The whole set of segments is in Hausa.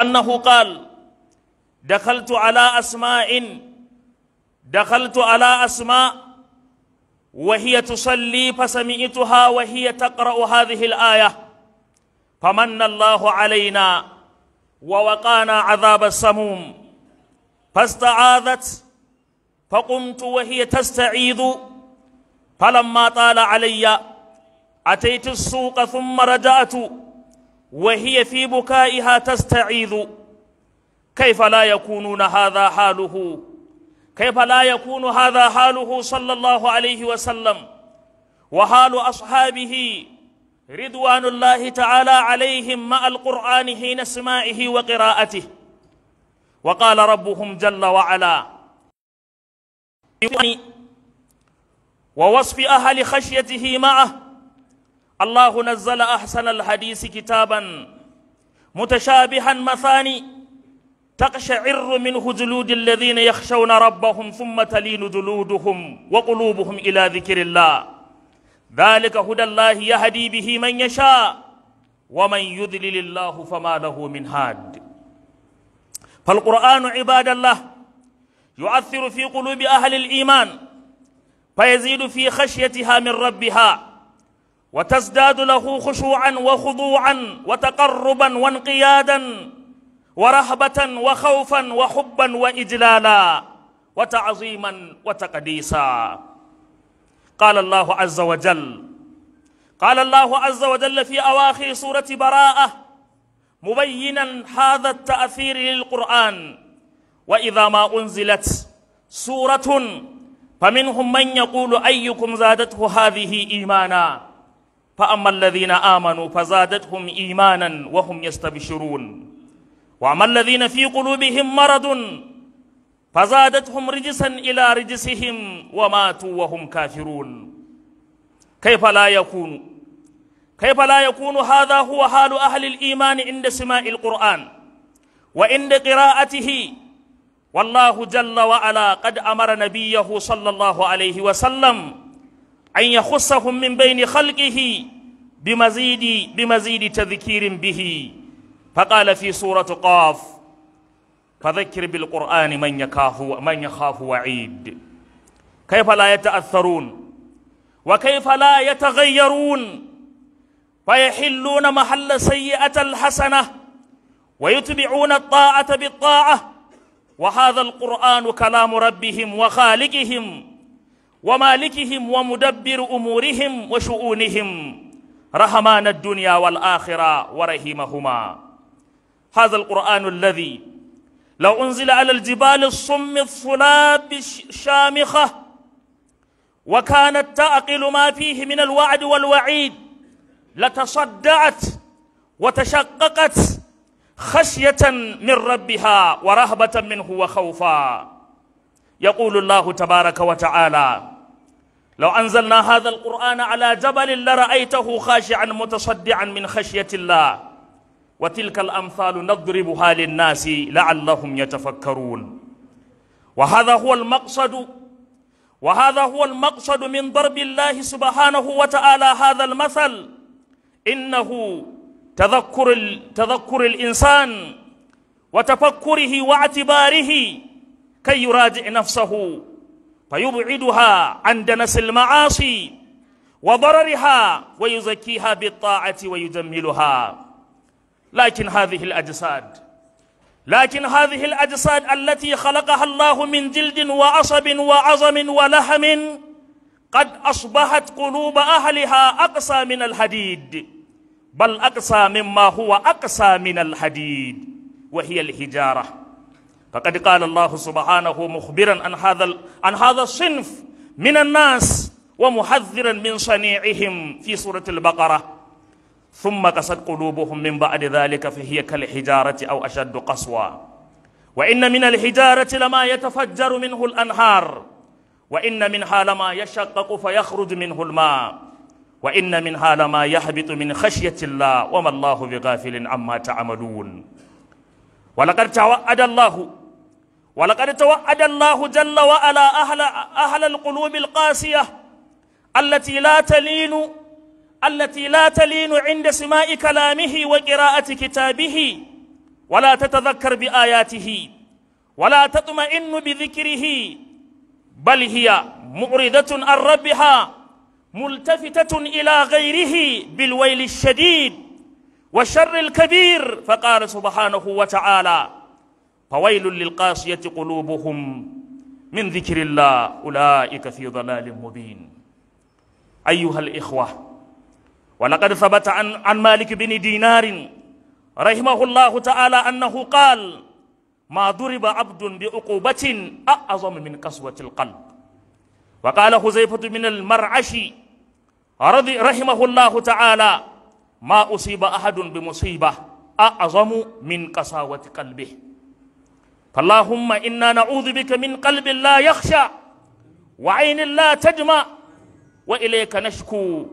أنه قال دخلت على أسماء دخلت على أسماء وهي تصلي فسمعتها وهي تقرأ هذه الآية فمن الله علينا ووقانا عذاب السموم فاستعاذت فقمت وهي تستعيذ فلما طال علي أتيت السوق ثم رجعت وهي في بكائها تستعيذ كيف لا يكونون هذا حاله كيف لا يكون هذا حاله صلى الله عليه وسلم وحال أصحابه رضوان الله تعالى عليهم مع القرآن حين سماعه وقراءته وقال ربهم جل وعلا ووصف أهل خشيته معه الله نزل أحسن الحديث كتابا متشابها مثاني تقشعر منه جلود الذين يخشون ربهم ثم تلين جلودهم وقلوبهم إلى ذكر الله ذلك هدى الله يهدي به من يشاء ومن يذلل الله فما له من هاد فالقرآن عباد الله يؤثر في قلوب أهل الإيمان فيزيد في خشيتها من ربها وتزداد له خشوعا وخضوعا وتقربا وانقيادا ورهبة وخوفا وحبا وإجلالا وتعظيما وتقديسا قال الله عز وجل قال الله عز وجل في أواخر سورة براءة مبينا هذا التأثير للقرآن وإذا ما أنزلت سورة فمنهم من يقول أيكم زادته هذه إيمانا فأما الذين آمنوا فزادتهم إيمانا وهم يستبشرون وأما الذين في قلوبهم مرض فزادتهم رجسا إلى رجسهم وماتوا وهم كافرون كيف لا يكون كيف لا يكون هذا هو حال أهل الإيمان عند سماء القرآن وعند قراءته والله جل وعلا قد أمر نبيه صلى الله عليه وسلم an yakhussahum min baini khalqihi bimazidi ta zikirin bihi faqala fi surati qaf fadhakkir bilqur'ani man yakahu man yakhafu wa'id kayfa la yata'atharun wa kayfa la yataghayyarun fayahilluna mahalla sayyi'ati alhasana wa yutbi'una at-ta'ata bit-ta'ah wa hadha alqur'anu kalamu rabbihim wa khaliqihim ومالكهم ومدبر أمورهم وشؤونهم رحمان الدنيا والآخرة ورحمهما هذا القرآن الذي لو أنزل على الجبال الصم الصلاب الشامخة وكانت تعقل ما فيه من الوعد والوعيد لتصدعت وتشققت خشية من ربها ورهبة منه وخوفا يقول الله تبارك وتعالى لو أنزلنا هذا القرآن على جبل لرأيته خاشعا متصدعا من خشية الله وتلك الأمثال نضربها للناس لعلهم يتفكرون وهذا هو المقصد وهذا هو المقصد من ضرب الله سبحانه وتعالى هذا المثل إنه تذكر, تذكر الإنسان وتفكره واعتباره كي يراجع نفسه فيبعدها عن دنس المعاصي وضررها ويزكيها بالطاعة ويجملها لكن هذه الأجساد لكن هذه الأجساد التي خلقها الله من جلد وعصب وعظم ولهم قد أصبحت قلوب أهلها أقسى من الحديد بل أقسى مما هو أقسى من الحديد وهي الحجارة فقد قال الله سبحانه مخبرا عن هذا عن هذا الصنف من الناس ومحذرا من صنيعهم في سورة البقرة ثم قست قلوبهم من بعد ذلك فهي كالحجارة أو أشد قسوة وإن من الحجارة لما يتفجر منه الأنهار وإن منها لما يشقق فيخرج منه الماء وإن منها لما يهبط من خشية الله وما الله بغافل عما تعملون ولقد توعد الله ولقد توعد الله جل وعلا أهل, أهل القلوب القاسية التي لا تلين التي لا تلين عند سماع كلامه وقراءة كتابه ولا تتذكر بآياته ولا تطمئن بذكره بل هي معرضة عن ربها ملتفتة إلى غيره بالويل الشديد والشر الكبير فقال سبحانه وتعالى fawailul lil qasiyati qulubuhum min dhikrillah ulaika fi dhalalin mubin ayyuhal ikhwa ولقد ثبت عن عن مالك بن دينار رحمه الله تعالى انه قال ما ضرب عبد بعقوبه اعظم من قسوه القلب وقال حذيفه من المرعشي رضي رحمه الله تعالى ما اصيب احد بمصيبه اعظم من قساوه قلبه فاللهم إنا نعوذ بك من قلب لا يخشى وعين لا تجمع وإليك نشكو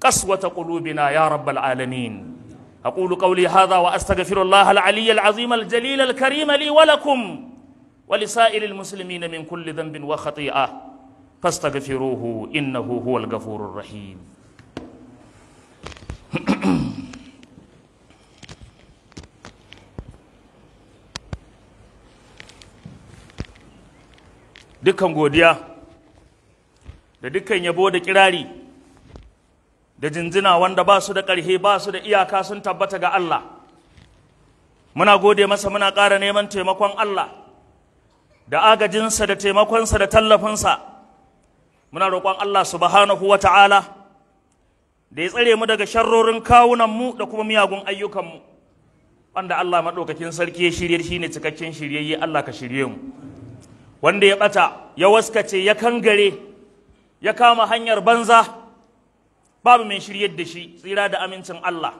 قسوة قلوبنا يا رب العالمين أقول قولي هذا وأستغفر الله العلي العظيم الجليل الكريم لي ولكم ولسائر المسلمين من كل ذنب وخطيئة فاستغفروه إنه هو الغفور الرحيم dukkan godiya da dukkan yabo da kirari da jinjina wanda ba su da ƙarhe ba su da iyaka sun tabbata ga Allah muna gode masa muna ƙara neman taimakon Allah da agajinsa da taimakonsa da tallafinsa muna roƙon Allah subhanahu wa ta'ala da ya tsare mu daga sharrorin kawunanmu da kuma miyagun ayyukanmu wanda Allah maɗaukakin sarki ya shirye shi ne cikakken shiryayye Allah ka shirye mu wanda ya ɓata ya waskace ya kangare ya kama hanyar banza babu mai shiryar da shi tsira da amincin Allah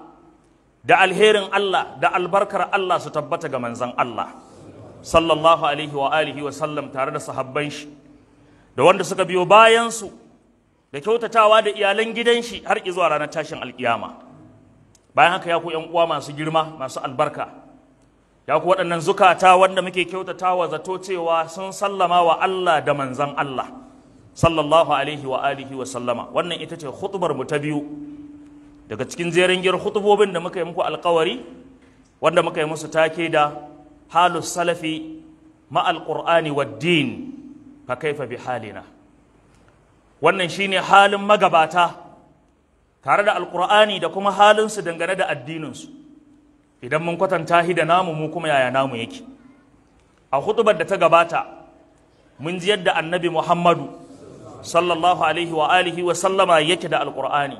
da alherin Allah da albarkar Allah su tabbata ga manzan Allah sallallahu alaihi wa alihi wa sallam tare da sahabban shi da wanda suka biyo bayan su da kyautatawa da iyalan gidan shi har izuwa ranar tashin alkiyama bayan haka ya ku yan uwa masu girma masu albarka ya ku waɗannan zukata wanda muke kyautata wa zato cewa sun sallama wa Allah da manzan Allah sallallahu alaihi wa alihi wa sallama wannan ita ce hutubar mu ta biyu daga cikin jerin gir hutubobin da muka yi muku alkawari wanda muka yi musu take da halus salafi ma alqur'ani wa din fa kaifa bi halina wannan shine halin magabata tare da alqur'ani da kuma halinsu dangane da addininsu idan mun kwatanta hida da namu mu kuma yaya namu yake a hutubar da ta gabata mun ji yadda annabi muhammadu sallallahu alaihi wa alihi wa sallama yake da alqur'ani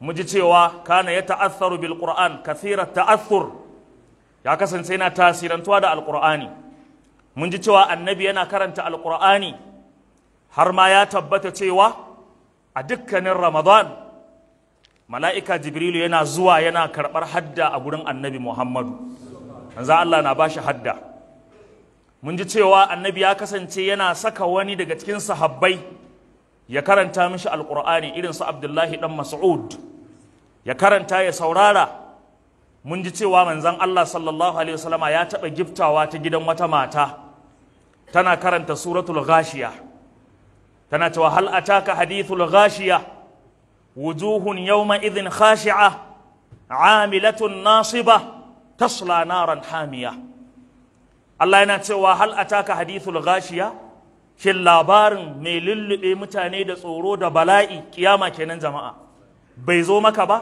mu ji cewa kana ya ta'assaru bil qur'an kathira ta'assur ya kasance yana tasirantuwa da alqur'ani mun ji cewa annabi yana karanta alqur'ani har ma ya tabbata cewa a dukkanin ramadan mala'ika jibrilu yana zuwa yana karɓar hadda a gurin annabi muhammadu manzo Allah na bashi hadda mun ji cewa annabi ya kasance yana saka wani daga cikin sahabbai ya karanta mishi alqur'ani irin su abdullahi dan mas'ud ya karanta ya saurara mun ji cewa manzon Allah sallallahu alaihi wasallama ya taɓa giftawa ta gidan wata mata tana karanta suratul ghashiya tana cewa hal ataka hadithul ghashiya wujuhun ma izin khashi'a amilatun nasiba tasla ran hamiya Allah yana cewa hal taka hadithul gashiya? shin labarin mai lullube mutane da tsoro da bala'i kiyama kenan jama'a bai zo maka ba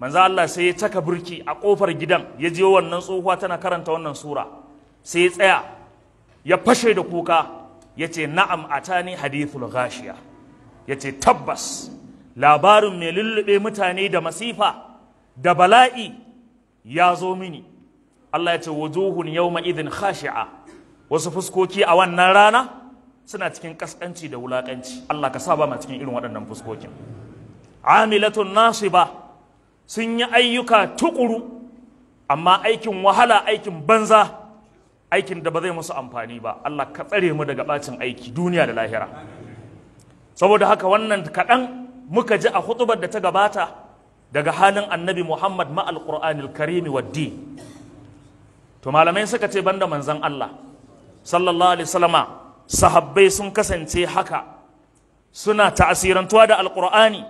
Manza Allah sai ya taka burki a kofar gidan ya je wannan tsohuwa tana karanta wannan sura sai ya tsaya ya fashe da kuka ya ce na'am atani hadithul gashiya. ya ce tabbas labarin mai lullube mutane da masifa da bala'i ya zo mini Allah ya ce wujuhun yawma ma'izin khashi'a wasu fuskoki a wannan rana suna cikin kaskanci da wulakanci Allah ka saba ma cikin irin waɗannan fuskokin amilatun ba sun yi ayyuka tukuru amma aikin wahala aikin banza aikin da ba zai musu amfani ba Allah ka tsare mu daga bacin aiki duniya da lahira saboda haka wannan kaɗan muka ji a hutubar da ta gabata daga halin annabi Muhammad ma alƙur'anil karimi waddi to malamai suka ce banda manzan Allah sallallahu alaihi wasallama sahabbai sun kasance haka suna ta'asirantuwa da alƙur'ani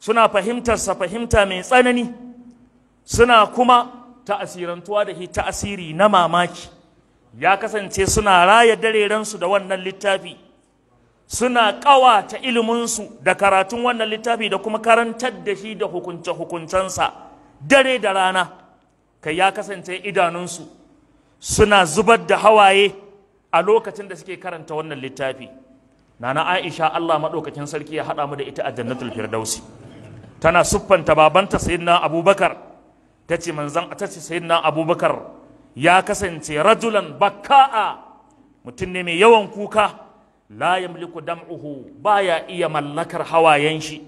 suna fahimtarsa fahimta mai tsanani suna kuma ta'asirantuwa da ta'asiri na mamaki ya kasance suna raya dareransu da wannan littafi suna ƙawata iliminsu da karatun wannan littafi da kuma karantar da shi da hukunce-hukuncensa dare da rana kai ya kasance idanunsu suna zubar da hawaye a lokacin da suke karanta wannan littafi nana aisha allah maɗaukakin sarki ya haɗa mu da ita a jannatul firdausi tana siffanta babanta sayyidina abubakar ta ce manzan atace tace sayyidina abubakar ya kasance rajulan bakka'a mutum ne mai yawan kuka la yamliku dam'uhu baya iya mallakar hawayen shi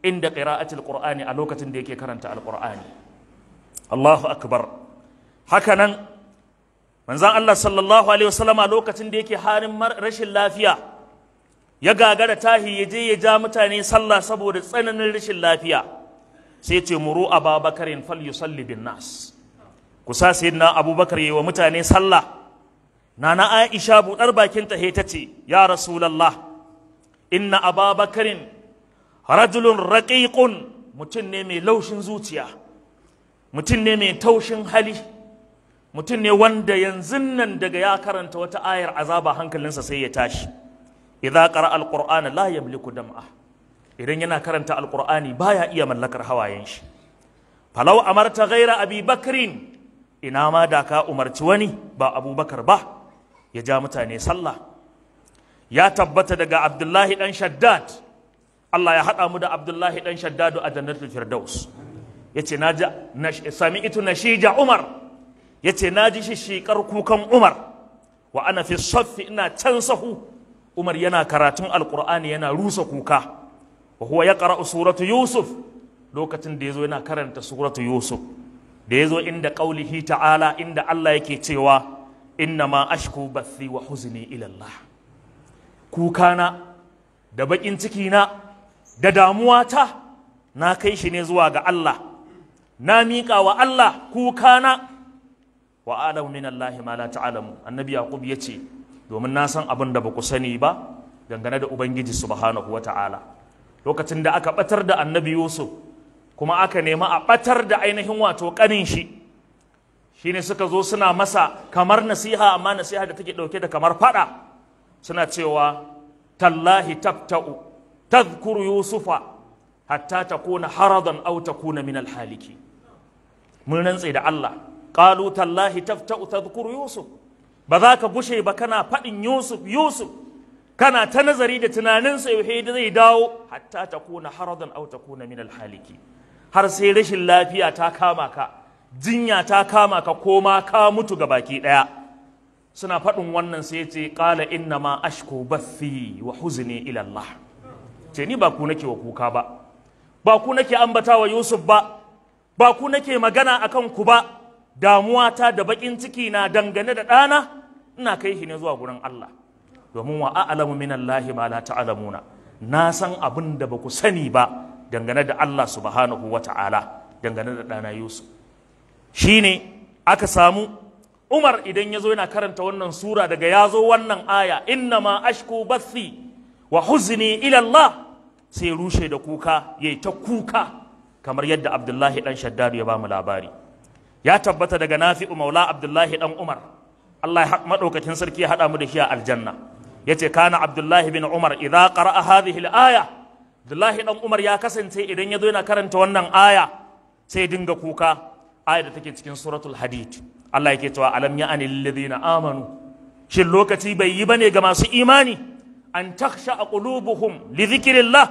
inda qira'atul qur'ani a lokacin da yake karanta alqur'ani Allahu akbar hakanan manzon Allah sallallahu alaihi wasallam a lokacin da yake harin rashin lafiya ya gagara tahi ya je ya ja mutane sallah saboda tsananin rashin lafiya sai ce muru ababakarin fal yusalli bin nas kusa sayyidina abubakar yi wa mutane sallah nana aisha buɗar bakin ta ta ce ya rasulallah inna ababakarin rajulun raƙiƙun mutum ne mai laushin zuciya mutum ne mai taushin hali mutum ne wanda yanzu nan daga ya karanta wata ayar azaba hankalinsa sai ya tashi idza qara alqur'ana la yamliku dam'a idan yana karanta alqur'ani baya iya mallakar hawayen shi falau amarta ghaira abi bakrin ina ma da ka umarci wani ba abubakar ba ya ja mutane sallah ya tabbata daga abdullahi dan shaddad Allah ya haɗa mu da abdullahi dan shaddadu a jannatul firdaus ya ce na ji sami itu na ja umar ya ce na ji shishikar kukan umar wa ana fi saffi ina can sahu umar yana karatun alkur'ani yana rusa kuka wa huwa ya ƙara suratu yusuf lokacin da ya zo yana karanta suratu yusuf da ya zo inda ƙaulihi ta'ala inda Allah yake cewa inna ma ashku bathi wa huzni ila Allah na da bakin ciki na da damuwata na kai shi ne zuwa ga Allah na miƙa wa Allah kukana wa alamu min Allah ma la ta'lamu annabi yaqub yace domin na san abin da baku sani ba dangane da ubangiji subhanahu wa ta'ala lokacin da aka batar da annabi yusuf kuma aka nema a batar da ainihin wato kanin shi shine suka zo suna masa kamar nasiha amma nasiha da take dauke da kamar fada suna cewa tallahi tabta'u tadhkuru yusufa hatta takuna haradan aw takuna min alhaliki mun rantse da Allah qalu tallahi tabta'u tadhkuru yusuf ba za ka gushe ba kana fadin yusuf yusuf kana ta nazari da tunanin sa yauhe zai dawo hatta takuna haradan aw takuna min alhaliki har sai rashin lafiya ta kama ka jinya ta kama ka koma ka mutu ga baki ɗaya suna faɗin wannan sai ce ƙala inna ma ashko bathi wa huzini ilallah.' ce ni ba ku nake wa kuka ba ba ku nake ambata wa Yusuf ba ba ku nake magana akan ku ba Damuwa ta da baƙin ciki na dangane da ɗana ina kai shi ne zuwa gurin Allah domin wa a'lamu min Allah ma la ta'lamuna na san abin da ba ku sani ba dangane da Allah subhanahu wa ta'ala dangane da ɗana Yusuf Shi ne aka samu Umar idan ya zo yana karanta wannan sura daga ya zo wannan aya inna ma ashku bathi wa huzni ila Allah sai rushe da kuka yayi ta kuka kamar yadda Abdullahi dan Shaddadu ya bamu labari ya tabbata daga Nafi'u Maula Abdullahi dan Umar Allah ya madaukakin sarki ya hada mu da shi a aljanna yace kana Abdullahi bin Umar idza qara'a hadhihi al-aya Abdullahi dan Umar ya kasance idan ya zo yana karanta wannan aya sai dinga kuka ayar da take cikin suratul hadid Allah yake cewa alam ya'ani lilladhina amanu shin lokaci bai yi bane ga masu imani an a qulubuhum li dhikrillah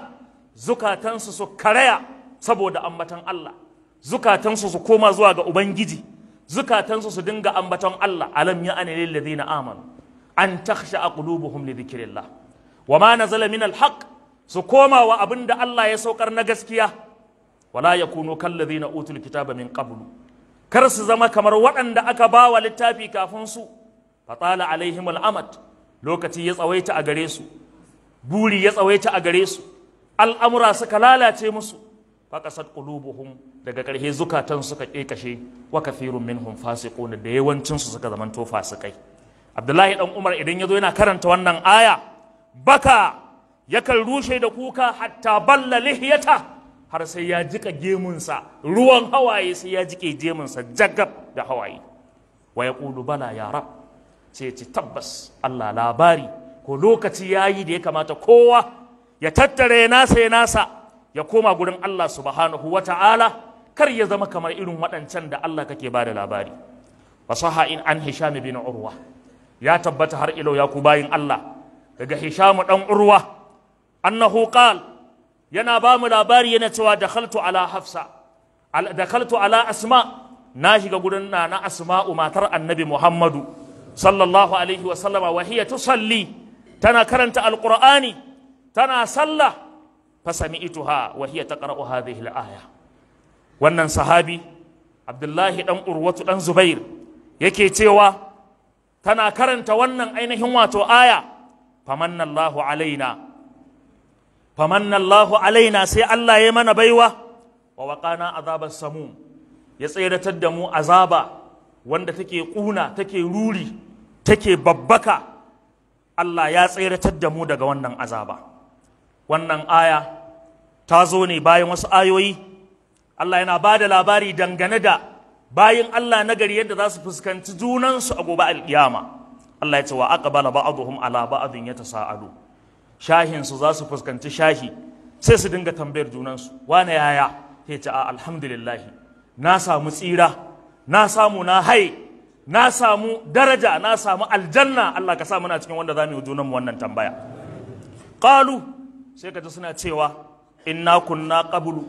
zukatansu su karaya saboda ambatan Allah zukatansu su koma zuwa ga ubangiji zukatansu su dinga ambaton Allah alam ya'ani lilladhina amanu an a qulubuhum li dhikrillah wama nazala min alhaq su koma wa abinda Allah ya saukar na gaskiya wala kan kallazina utul kitaba min qablu kar su zama kamar waɗanda aka ba wa littafi kafin su fatala alaihim al'amad lokaci ya tsawaita a gare su buri ya tsawaita a gare su al'amura suka lalace musu faƙasar ƙulubuhun daga ƙarshe zukatan suka ƙeƙashe wa kafirun minhum fasiquna da yawancinsu suka zamanto fasikai abdullahi dan umar idan ya zo yana karanta wannan aya baka yakan rushe da kuka hatta balla lihiyata har sai ya jika gemunsa ruwan hawaye sai ya jike gemunsa jagab da hawaye wa ya bala ya rab sai ci tabbas Allah labari ko lokaci ya yi da ya kamata kowa ya tattara ya nasa ya nasa ya koma gurin Allah subhanahu wa ta'ala kar ya zama kamar irin waɗancan da Allah kake ba da labari fasaha in an hisham bin urwa ya tabbata har ilo ya ku bayin Allah daga hisham dan urwa annahu qala yana ba mu labari yana cewa dakhaltu ala hafsa dakhaltu ala asma na shiga gurin na na asma'u matar annabi muhammadu sallallahu alaihi wa sallama wa hiya tusalli tana karanta alqur'ani tana sallah fasami'tuha wa hiya taqra'u hadhihi al-aya wannan sahabi abdullahi dan urwatu dan zubair yake cewa tana karanta wannan ainihin wato aya famanna Allahu alaina famannallahu Allahu alaina sai Allah ya mana baiwa wa waqana azabar samu ya tseratar da mu azaba wanda take ƙuna take ruri take babbaka Allah ya tseratar da mu daga wannan azaba wannan aya ta zo ne bayan wasu ayoyi Allah yana ba da labari dangane da bayan Allah nagari yadda za su fuskanci junansu a gobe alƙiyama Allah ya ce wa aqbala ba'dhum ala ba'dhin yatasaalu shahinsu za su fuskanci shahi sai su dinga tambayar junansu wane yaya ya ce a alhamdulillahi na samu tsira na samu na hai na samu daraja na samu aljanna Allah ka sa muna cikin wanda za mu yi junanmu wannan tambaya qalu sai ka ji suna cewa inna kunna qablu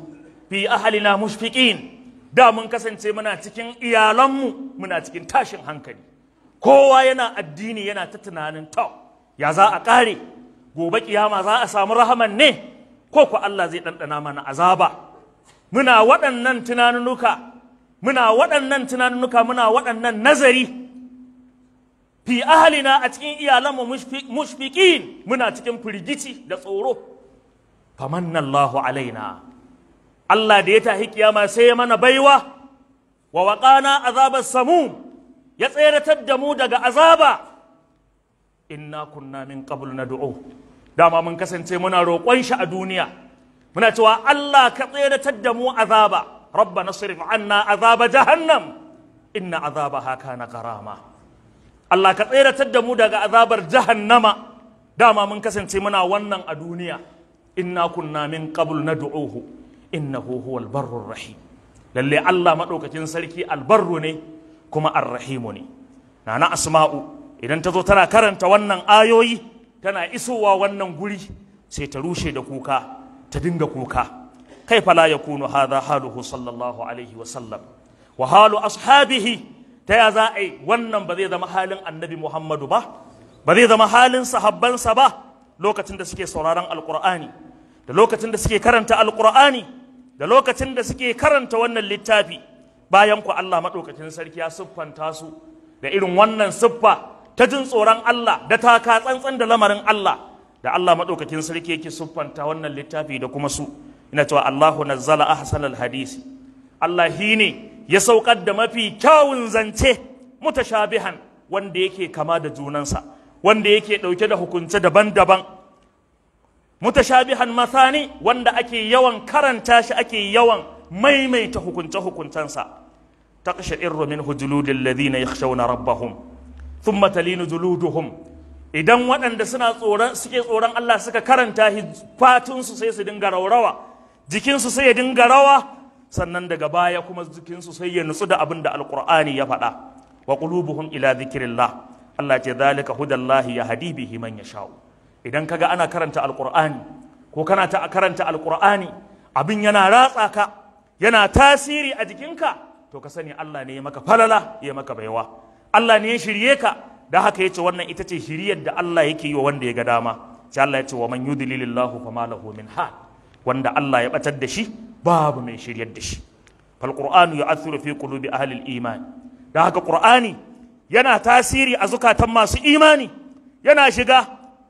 fi ahlina mushfiqin da mun kasance muna cikin iyalanmu muna cikin tashin hankali kowa yana addini yana ta tunanin ta ya za a kare gobe kiyama za a samu rahaman ne ko ku Allah zai ɗanɗana mana azaba muna waɗannan tunanunuka muna waɗannan tunanunuka muna waɗannan nazari fi ahalina a cikin iyalanmu mushfiqin muna cikin firgici da tsoro famanna Allahu alaina Allah da ya tahi kiyama sai ya mana baiwa wa waƙana azabar samu ya tseratar da mu daga azaba inna kunna min na nad'u dama mun kasance muna roƙon shi a duniya muna cewa Allah ka tseratar da mu azaba rabba sirif anna azaba jahannam inna haka na karama Allah ka tseratar da mu daga azabar jahannama dama mun kasance muna wannan a duniya inna kunna min qabl nad'uhu innahu huwal barrur rahim lalle Allah madaukakin sarki albarru ne kuma arrahimu ne nana asma'u idan ta zo tana karanta wannan ayoyi tana isowa wannan guri sai ta rushe da kuka ta dinga kuka kai fala ya kunu hadha haluhu sallallahu alaihi wa sallam wa halu ashabihi ta ya za a yi wannan ba zai zama halin annabi muhammadu ba ba zai zama halin sahabbansa ba lokacin da suke sauraron alkur'ani da lokacin da suke karanta alkur'ani da lokacin da suke karanta wannan littafi bayan ku allah maɗaukacin sarki ya siffanta su da irin wannan siffa ta jin tsoron Allah da taka tsantsan da lamarin Allah da Allah madaukakin sarki yake siffanta wannan littafi da kuma su ina cewa Allahu nazzala ahsanal hadisi Allah ne ya saukar da mafi kyawun zance mutashabihan wanda yake kama da junansa wanda yake ɗauke da hukunce daban-daban mutashabihan mathani wanda ake yawan karanta shi ake yawan maimaita hukunce hukuncensa taqsha'irru minhu juludul ladhina yakhshawna rabbahum sun talinu juluduhum idan waɗanda suna tsoron suke tsoron Allah suka karanta fatinsu sai su dinga raurawa jikinsu sai ya dinga rawa sannan daga baya kuma jikinsu sai ya nutsu da abin da alkur'ani ya faɗa wa qulubuhum ila dhikrillah Allah ce zalika hudallahi ya hadi bihi man yasha'u idan kaga ana karanta alkur'ani ko kana ta karanta alkur'ani abin yana ratsa ka yana tasiri a jikinka to ka sani Allah ne ya maka falala ya maka baiwa Allah ne ya shirye ka da haka ya ce wannan ita ce shiryar da Allah yake yi wa wanda ya ga dama sai Allah ya ce wa man yudlilillahu fama lahu min ha. wanda Allah ya batar da shi babu mai shiryar da shi fal qur'anu yu'athiru fi qulubi ahli al-iman da haka qur'ani yana tasiri a zukatan masu imani yana shiga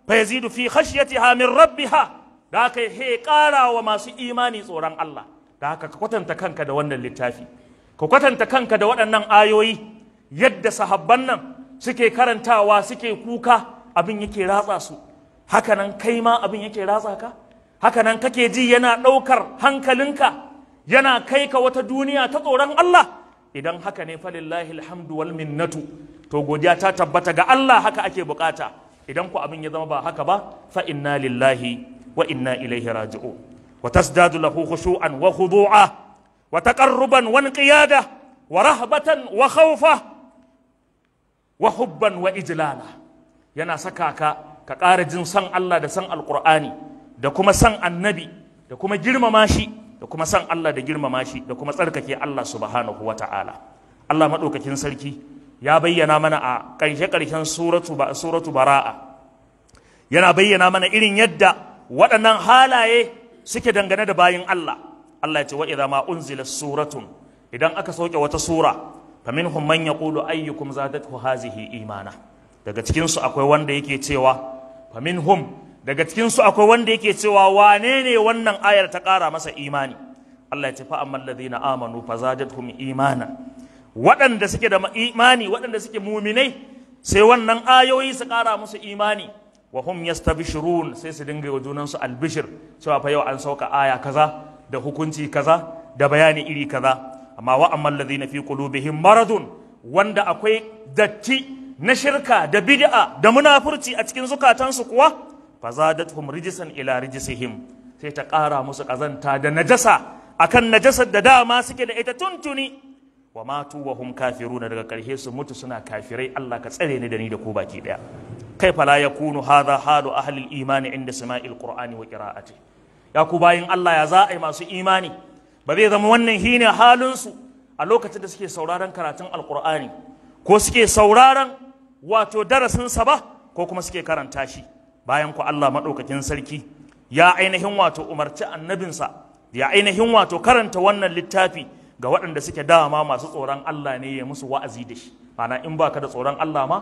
fa yazidu fi khashyatiha min rabbiha da haka he kara wa masu imani tsoron Allah da haka ka kwatanta kanka da wannan littafi ka kwatanta kanka da waɗannan ayoyi yadda sahabban nan suke karantawa suke kuka abin yake ratsa su hakanan kai ma abin yake ratsa ka hakanan kake ji yana ɗaukar hankalinka yana kai ka wata duniya ta tsoron Allah idan haka ne falillahi alhamdu wal minnatu to godiya ta tabbata ga Allah haka ake bukata idan ku abin ya zama ba haka ba fa inna lillahi wa inna ilaihi raji'u wa tasdadu lahu khushu'an wa khudu'a wa taqarruban wa inqiyada wa rahbatan wa khawfa wa hubban wa ijlala yana saka ka ka ƙara jin san Allah da san alƙur'ani da kuma san annabi da kuma girmama shi da kuma san Allah da girmama shi da kuma tsarkake Allah subhanahu wata'ala Allah maɗaukakin sarki ya bayyana mana a ƙarshe ƙarshen suratu suratu bara'a yana bayyana mana irin yadda waɗannan halaye suke dangane da bayin Allah Allah ya ce wa idza ma unzila suratun idan aka sauke wata sura faminhum manya yaqulu ayyukum zadathu hazihi imana daga cikinsu akwai wanda yake cewa faminhum daga cikin akwai wanda yake cewa wane ne wannan ayar ta kara masa imani Allah ya ce fa amman ladina amanu fazadathum imana waɗanda suke da imani waɗanda suke muminai sai wannan ayoyi su kara musu imani wa hum shiru sai su dinga yi wa junansu albishir cewa fa yau an sauka aya kaza da hukunci kaza da bayani iri kaza amma wa amman ladhina fi qulubihim maradun wanda akwai datti na shirka da bid'a da munafurci a cikin zukatansu kuwa fazadatuhum rijisan ila rijisihim sai ta ƙara musu ƙazanta da najasa akan najasar da dama suke da ita tuntuni wa matu wa hum kafiruna daga karshe su mutu suna kafirai Allah ka tsare ni da ni da ku baki daya kai fala yakunu hadha halu ahli al-imani inda sama'il qur'ani wa qira'ati ya ku bayin Allah ya za a yi masu imani ba zai zama wannan ne halinsu a lokacin da suke sauraron karatun alkur'ani ko suke sauraron wato darasinsa ba ko kuma suke karanta shi bayan ku Allah maɗaukakin sarki ya ainihin wato umarci annabinsa ya ainihin wato karanta wannan littafi ga waɗanda suke dama masu tsoron Allah ne ya musu wa'azi da shi ma'ana in baka da tsoron Allah ma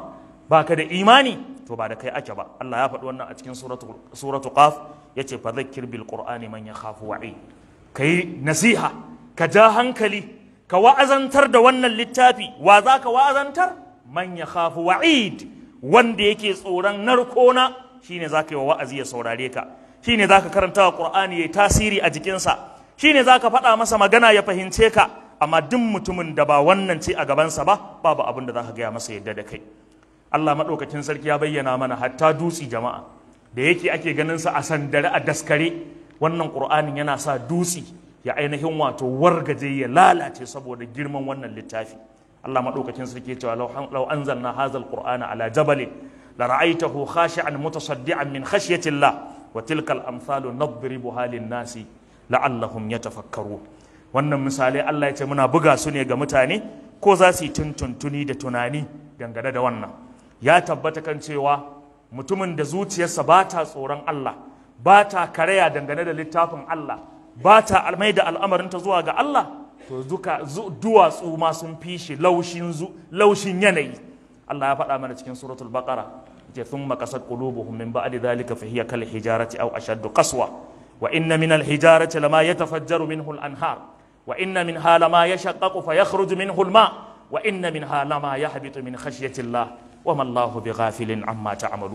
baka da imani to ba da kai ake ba Allah ya faɗi wannan a cikin suratu qaf yace fadhakkir bil qur'ani man yakhafu wa'id ka yi nasiha ka ja hankali ka wa'azantar da wannan littafi wa za ka wa'azantar man ya khafu wa'id wanda yake tsoron narkona shine za ka yi wa wa'azi ya saurare ka shine za ka karanta wa ƙur'ani ya tasiri a jikinsa shine za ka faɗa masa magana ya fahimce ka amma duk mutumin da ba wannan ce a gabansa ba babu abin da za ka gaya masa yadda da kai Allah maɗaukakin sarki ya bayyana mana hatta dutsi jama'a da yake ake ganin sa a sandare a daskare wannan ƙur'anin yana sa dutse ya ainihin wato wargaje ya lalace saboda girman wannan littafi Allah maɗaukakin sarki cewa law anzalna hazal qur'ana ala jabalin la ra'aytahu khashi'an mutasaddian min khashyatillah wa tilkal amsalu nadribuha halin nasi la'allahum tafakkaru. wannan misalai Allah ya ce muna buga su ne ga mutane ko za su yi tuntuntuni da tunani dangane da wannan ya tabbata kan cewa mutumin da zuciyarsa ba ta tsoron Allah ba ta karaya dangane da littafin Allah ba ta almai da al'amarinta zuwa ga Allah to duka duwatsu ma sun fi shi laushin yanayi Allah ya faɗa mana cikin suratul baqara ce thumma qasat qulubuhum min ba'di zalika fa hiya kal hijarati aw ashaddu qaswa wa inna min al hijarati lama yatafajjaru minhu al anhar wa inna minha lama yashaqqaqu fa yakhruju minhu al ma wa inna minha lama yahbitu min khashyati Allah wa ma Allahu bighafilin amma ta'malu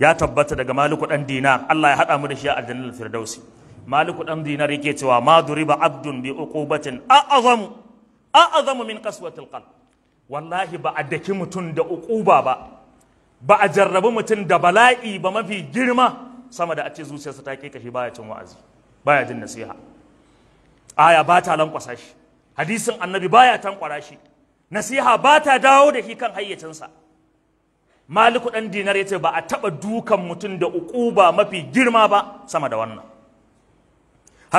ya tabbata daga maliku dan dinar Allah ya hada mu da shi a aljannar firdausi maliku dan dinar yake cewa ma duriba abdun bi uqubatin a'azamu a'azamu min qaswatil qalb wallahi ba a daki mutum da uquba ba ba a jarrabi mutum da bala'i ba mafi girma sama da a ce zuciyarsa ta kekashi baya cin wa'azi baya jin nasiha aya ba ta lankwasa shi hadisin annabi baya tankwara shi nasiha ba ta dawo da shi kan hayyacinsa maliku ɗan dinar ya ce ba a taɓa dukan mutum da ba mafi girma ba sama da wannan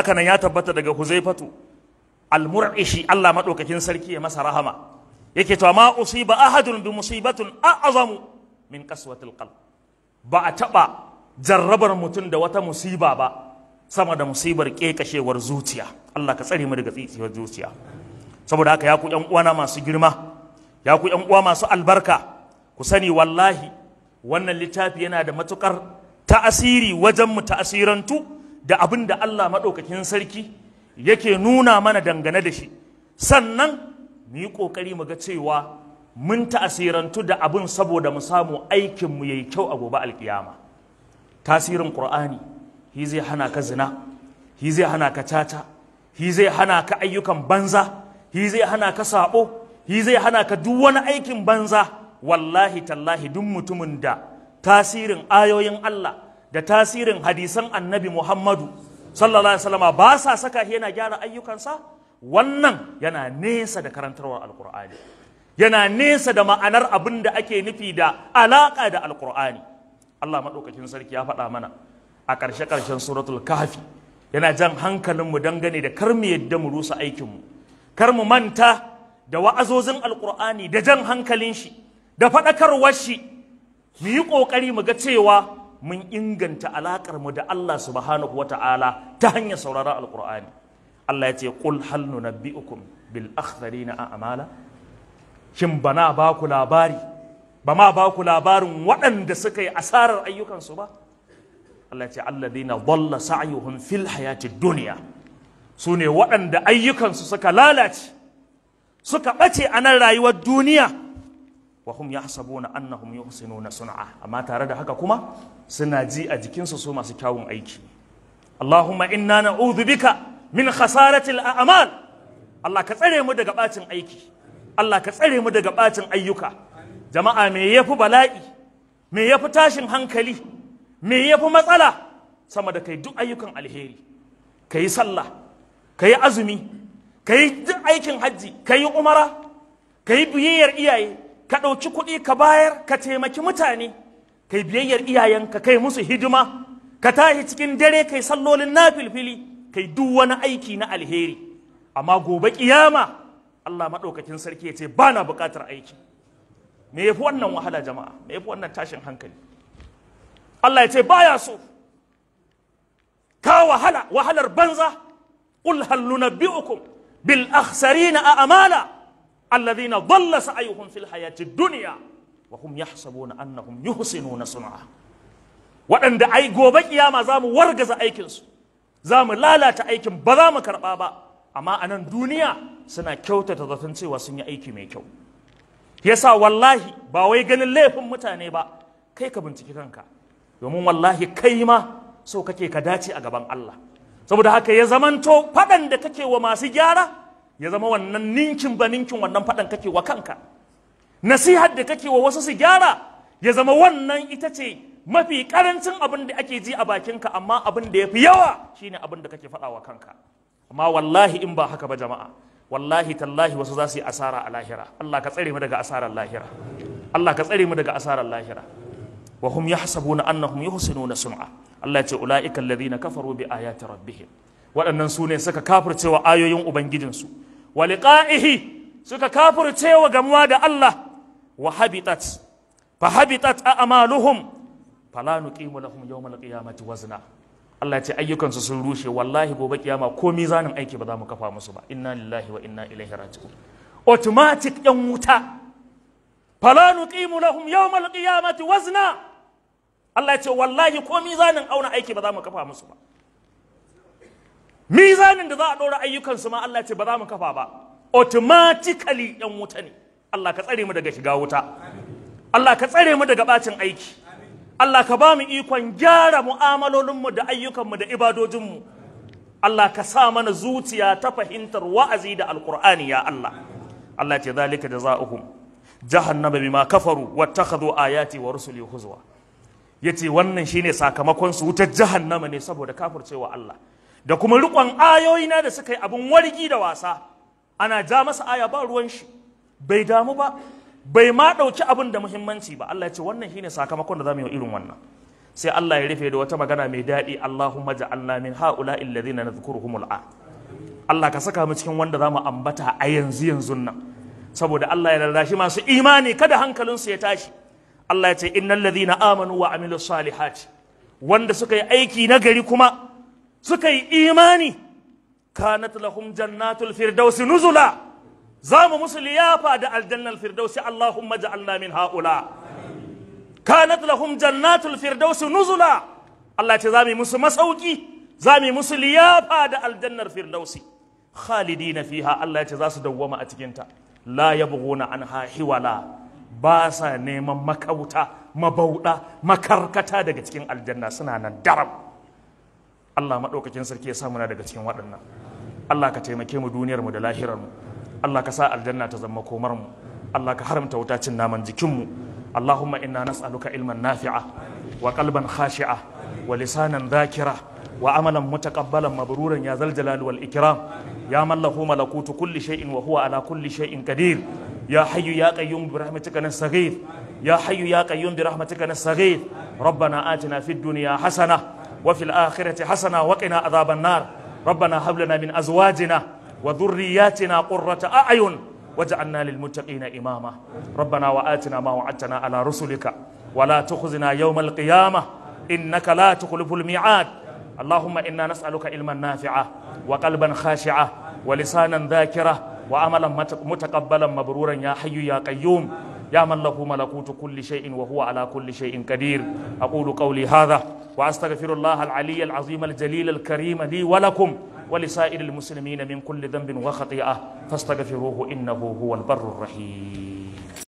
nan ya tabbata daga huzaifatu almur'ishi Allah maɗaukakin sarki ya masa rahama yake cewa ma usiba ahadun bi musibatun a'azamu min qaswatil qalb ba a taɓa jarrabar mutum da wata musiba ba sama da musibar kekashewar zuciya Allah ka tsare mu daga tsitsiwar zuciya saboda haka ya ku ƴan uwana masu girma ya ku ƴan uwa masu albarka ku sani wallahi wannan littafi yana da matukar ta'asiri wajen mu ta'asirantu da abin da Allah maɗaukakin sarki yake nuna mana dangane da shi sannan mu yi ƙoƙari mu ga cewa mun ta'asirantu da abin saboda mu samu aikinmu ya yi kyau a gobe alkiyama tasirin ƙur'ani hi zai hana ka zina hi zai hana ka caca hi zai hana ka ayyukan banza hi zai hana ka saɓo hi zai hana ka duk wani aikin banza wallahi tallahi duk mutumin da tasirin ayoyin Allah da tasirin hadisan annabi Muhammadu sallallahu alaihi wasallama ba sa saka yana gyara ayyukansa wannan yana nesa da karantarwar alkur'ani yana nesa da ma'anar abin da ake nufi da alaƙa da alkur'ani Allah maɗaukakin sarki ya faɗa mana a ƙarshe ƙarshen suratul kafi yana jan hankalinmu dangane da kar mu yadda mu rusa aikinmu kar mu manta da wa'azozin alkur'ani da jan hankalin shi da faɗakarwar shi mu yi ƙoƙari mu ga cewa mun inganta alaƙar mu da Allah subhanahu wata'ala ta hanyar sauraron alƙur'ani Allah ya ce qul hal nunabbi'ukum bil akhsarina a'mala shin bana ba ku labari ba ma ba ku labarin waɗanda suka yi asarar ayyukansu ba Allah ya ce alladhina dhalla sa'yuhum fil hayati dunya su ne waɗanda ayyukansu suka lalace suka ɓace a nan rayuwar duniya wa hum yahsabuna annahum yuhsinuna sun'a amma tare da haka kuma suna ji a jikinsu su masu kyawun aiki Allahumma inna na'udhu bika min khasaratil a'mal Allah ka tsare mu daga bacin aiki Allah ka tsare mu daga bacin ayyuka jama'a me yafi bala'i me yafi tashin hankali me yafi matsala sama da kai duk ayyukan alheri kai sallah kai azumi kai duk aikin hajji kai umara kai biyayyar iyaye ka ɗauki kuɗi ka bayar ka taimaki mutane kai biyayyar iyayenka kai musu hidima ka tashi cikin dare kai sallolin nafilfili kai duk wani aiki na alheri amma gobe kiyama Allah maɗaukakin sarki ya ce ba na buƙatar aiki me yafi wannan wahala jama'a me yafi wannan tashin hankali Allah ya ce baya so ka wahala wahalar banza qul hal nunabbi'ukum bil akhsarina a'mala alladhina dhalla sa'yuhum fil hayati dunya wa hum yahsabuna annahum yuhsinuna sun'a waɗanda ai gobe kiyama za mu wargaza su za mu lalata aikin ba za mu karɓa ba amma anan duniya suna kyautata zaton cewa sun yi aiki mai kyau yasa wallahi ba wai ganin laifin mutane ba kai ka binciki kanka domin wallahi kai ma so kake ka dace a gaban Allah saboda haka ya zamanto faɗan da kake wa masu gyara ya zama wannan ninkin ba ninkin wannan faɗan kake wa kanka nasihar da kake wa wasu su gyara ya zama wannan ita ce mafi karancin abin da ake ji a bakinka amma abin da ya fi yawa shine abin da kake faɗa wa kanka amma wallahi in ba haka ba jama'a wallahi tallahi wasu za su yi asara a lahira Allah ka tsare mu daga asarar lahira Allah ka tsare mu daga asarar lahira wa hum yahsabuna annahum yuhsinuna suna. Allah ya ce ulaika alladhina kafaru bi ayati rabbihim waɗannan su ne suka kafircewa ayoyin ubangijinsu wa suka kafircewa gamuwa da Allah wa habitat fa habitat a'maluhum fala nuqimu lahum yawmal qiyamati wazna Allah ya ce ayyukansu sun rushe wallahi gobe kiyama ko mizanin aiki ba za mu kafa musu ba inna lillahi wa inna ilaihi raji'un automatic yan wuta fala nuqimu lahum yawmal qiyamati wazna Allah ya ce wallahi ko mizanin auna aiki ba za mu kafa musu ba mizanin da za a ɗora ayyukansu ma Allah ce ba za mu kafa ba automatically yan wuta ne Allah ka tsare mu daga shiga wuta Allah ka tsare mu daga bacin aiki Allah ka ba mu ikon gyara mu'amalolinmu da ayyukanmu da ibadojinmu Allah ka sa mana zuciya ta fahimtar wa'azi da alkur'ani ya Allah Allah ce zalika jazaohum jahannama bima kafaru wattakhadhu ayati wa rusuli huzwa yace wannan shine sakamakon su wutar jahannama ne saboda kafircewa Allah da kuma rikon ayoyi na da suka yi abin wargi da wasa ana ja masa aya ba ruwan shi bai damu ba bai ma ɗauki abin da muhimmanci ba Allah ya ce wannan shine sakamakon da za yi irin wannan sai Allah ya rufe da wata magana mai daɗi Allahumma ja'alna min haula alladhina nadhkuruhum al'a Allah ka saka mu cikin wanda za mu ambata a yanzu yanzu nan saboda Allah ya lallashi masu imani kada hankalinsu ya tashi Allah ya ce innal ladhina amanu wa amilus salihati wanda suka yi aiki nagari kuma suka yi imani kanat lahum jannatul firdausi nuzula za mu musu liyafa da aljannal firdausi allahumma ja'alna min haula kanat lahum jannatul firdausi nuzula Allah ce za mu musu masauki za mu musu liyafa da aljannar firdausi khalidina fiha Allah ce za su dawwama a cikin ta la yabghuna anha hiwala ba sa neman makauta mabauda makarkata daga cikin aljanna suna nan daram Allah maɗaukakin sarki ya samu na daga cikin waɗannan Allah ka taimake mu duniyar mu da lahirar mu Allah ka sa aljanna ta zama komar mu Allah ka haramta wuta cin naman jikin mu Allahumma inna nas'aluka ilman nafi'a wa qalban khashi'a wa lisanan dhakira wa amalan mutaqabbalan mabruran ya zal jalali wal ikram ya man lahu malakutu kulli shay'in wa huwa ala kulli shay'in qadir ya hayyu ya qayyum bi rahmatika nastaghith ya hayyu ya qayyum bi rahmatika nastaghith ربنا آتنا في الدنيا حسنه وفي الآخرة حسنة وقنا عذاب النار ربنا هب لنا من أزواجنا وذرياتنا قرة أعين وجعلنا للمتقين إماما ربنا وآتنا ما وعدتنا على رسلك ولا تخزنا يوم القيامة إنك لا تخلف الميعاد اللهم إنا نسألك علما نافعا وقلبا خاشعا ولسانا ذاكرا وعملا متقبلا مبرورا يا حي يا قيوم يا من له ملكوت كل شيء وهو على كل شيء قدير أقول قولي هذا وأستغفر الله العلي العظيم الجليل الكريم لي ولكم ولسائر المسلمين من كل ذنب وخطيئة فاستغفروه إنه هو البر الرحيم